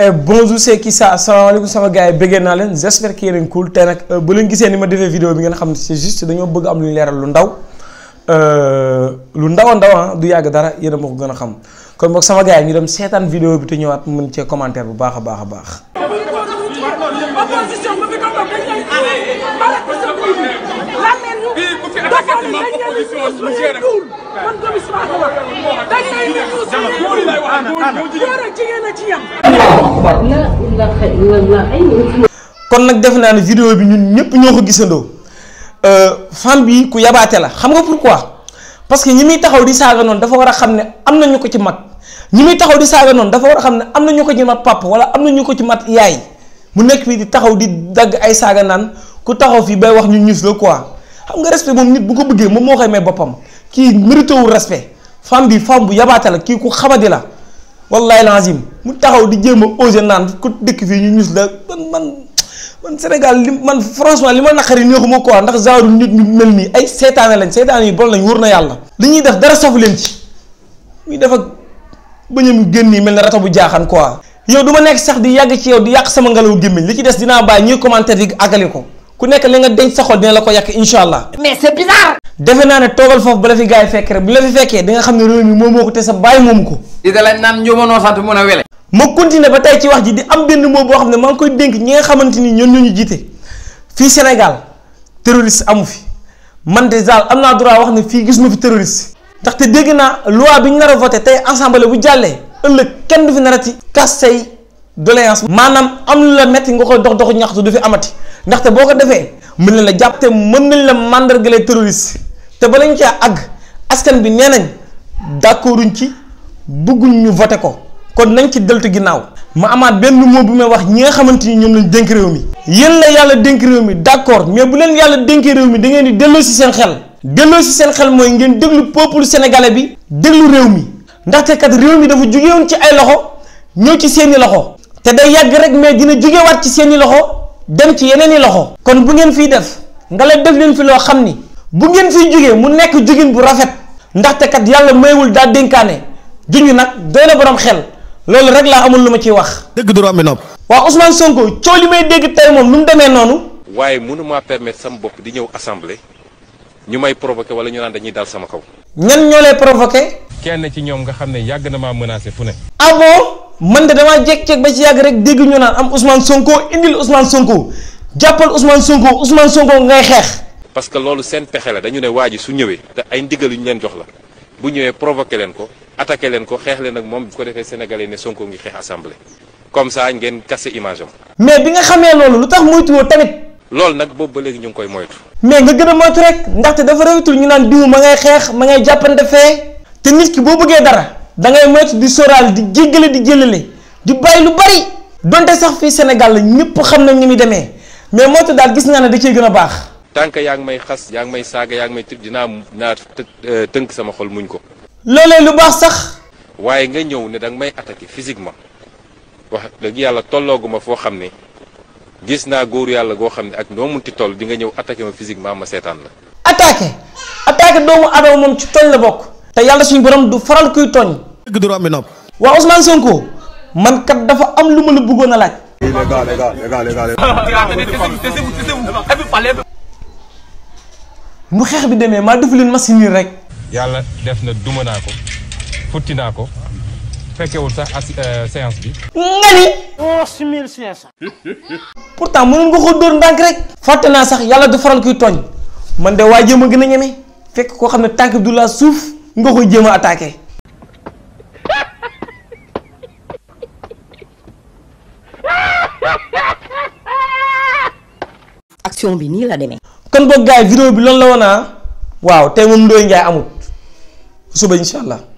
Et euh, bonjour c'est qui ça asalaamaaleykum sama gars yi bëggee naa leen j'espère que yéen cool te nag euh, bu leen gisee ni ma defee vidéo bi ngeen xam ne c'est juste dañoo bëgg am lu ñu leeral lu ndaw euh, lu ndaw ndaw ah, du yàgg dara yéen moo ko gën a xam kon boog sama gars yi ñu dem seetaan vidéo bi te ñëwaat mën cee commentaire bu baax a baax a baax. kon nak def naa video bi ñun ñepp ñoko gissando euh femme bi ku yabaté la xam nga pourquoi parce que ñimi taxaw di saga non dafa wara xamné amna ñuko ci mat ñimi taxaw di saga non dafa wara xamné amna ñuko ci mat papa wala amna ñuko ci mat yaay mu nekk fi di taxaw di dag ay saga nan ku taxaw fi bay wax ñu ñuus la quoi xam nga respect mom nit bu ko bëggé mom mo koy may bopam ki mérité wu respect femme bi femme bu yabaté la ki ku xamadi la. wallaay lazim mu taxaw di jéem a osé naan ku dëkk fii ñu ñus la man man man Sénégal li man franchement li ma naqari neexuma quoi ndax genre nit ñu mel nii ay seetaane lañ seetaane yi bon lañ wóor na yàlla. li ñuy def dara sofu leen ci muy def ak bëñam génn yi mel ne rato bu jaaxan quoi. yow du ma nekk sax di yàgg ci yow di yàq sama ngelaw gémmiñ li ci des dinaa bàyyi ñuy commentaire yi àggale ko. ku nekk li nga denc sa xol dina la ko yàq incha allah. mais c'est bizarre. defe naa ne toogal foofu ba la fi gars yi fekk rek bu la fi fekkee di nga xam ne réew mi moomoo ko te sa bàyyi moomu ko. di da lañ naan njóobanoo sant mun a wele. ma continuer ba tey ci wax ji di am benn mot boo xam ne maa ngi koy dénk ñi nga xamante ni ñoom ñoo ñu jiite fii Sénégal terroriste amu fi man de daal am naa droit wax ne fii gis ma fi terroriste. ndaxte dégg naa loi bi ñu nar a voté tey assemblée bu jàllee ëllëg kenn du fi narati kas say doléance maanaam am lu la metti nga koy dox dox ñaxtu du fi amati ndaxte boo ko defee mu ne la jàpp te mën nañ la mandargale terroriste te ba lañ caa àgg askan bi nee nañ d'accorduñ ci bëgguñ ñu voté ko kon nañ ci deltu ginnaaw ma amaat benn mot bu may wax ñi nga xamante ni ñoom lañ dénk réew mi yéen la yàlla dénk réew mi d'accord mais bu leen yàlla dénkee réew mi da ngeen di delloo si seen xel delloo si seen xel mooy ngeen déglu peuple sénégalais bi déglu réew mi ndaxte kat réew mi dafa jógewoon ci ay loxo ñëw ci seeni loxo te day yàgg rek mais dina jógewaat ci seeni loxo dem ci yeneen yi loxo kon bu ngeen fiy def nga la def leen fi loo xam ni bu ngeen fiy jógee mu nekk jógin bu rafet ndaxte kat yàlla mayewul daa dénkaane juñu nag doy na borom xel loolu rek laa amul lu ma ciy wax. dëgg du rombi nopp. waaw Ousmane Sonko coow li may dégg tey moom lu mu demee noonu. waaye mënumaa permettre sama bopp di ñëw assemblée ñu may provoqué wala ñu naan dañuy dal sama kaw. ñan ñoo lay provoqué. kenn ci ñoom nga xam ne yàgg na maa menacé fu ne. Ah man de damaa jékki-jékki ba ci yàgg rek dégg ñu naan am Ousmane Sonko indil Ousmane Sonko jàppal Ousmane Sonko Ousmane Sonko ngay xeex. parce que loolu seen pexe la dañu ne waa ji su ñëwee. te ay ndigal yu ñu leen jox la bu ñëwee provoqué leen ko attaqué leen ko xeex leen ak moom bu ko defee sénégalais ne Sonko ngi xeex assemblée comme ça ngeen casser image am. mais bi nga xamee loolu lu tax moytuwoo tamit. loolu nag boobu ba léegi ñu ngi koy moytu. mais nga gën a moytu rek ndaxte dafa rëyutul ñu naan diw ma ngay xeex ma ngay jàppante fee te nit ki boo bëggee dara da ngay moytu di soral di jéggelé di jéllélé di bay lu bari donté sax fi Sénégal la ñëpp xam nañ ni mi yang mais moytu dal gis nga ne da cey gëna bax tank may xass yaa may saga yaa ngi may tib dina teunk sama xol muñ ko. lolé lu bax sax. waye nga ñëw né da nga may attaquer physiquement wax dëgg yalla tologuma fo xamné gis na goor yalla go xamné ak no muñ ti toll di nga ñëw attaquer ma physiquement ma sétan la. attaquer attaquer doomu adama mom ci tooñ la bok te yalla suñu borom du faral kuy togn gi du rombi nopp Ousmane Sonko man kat dafa am luma la bëggoon laaj mu xeex bi def machine rek yàlla def na duma naa futti naa ko fekkewul sax euh, séance bi nga ni pourtant mënoon nga ko rek fàtte naa sax yàlla du faral kuy tooñ man de fekk ne tànk bi nga koy action bi nii la demee. kon boog gaa yi vidéo bi loolu la woon ah? waaw tey moom Ndoye Ndiaye amut suba incha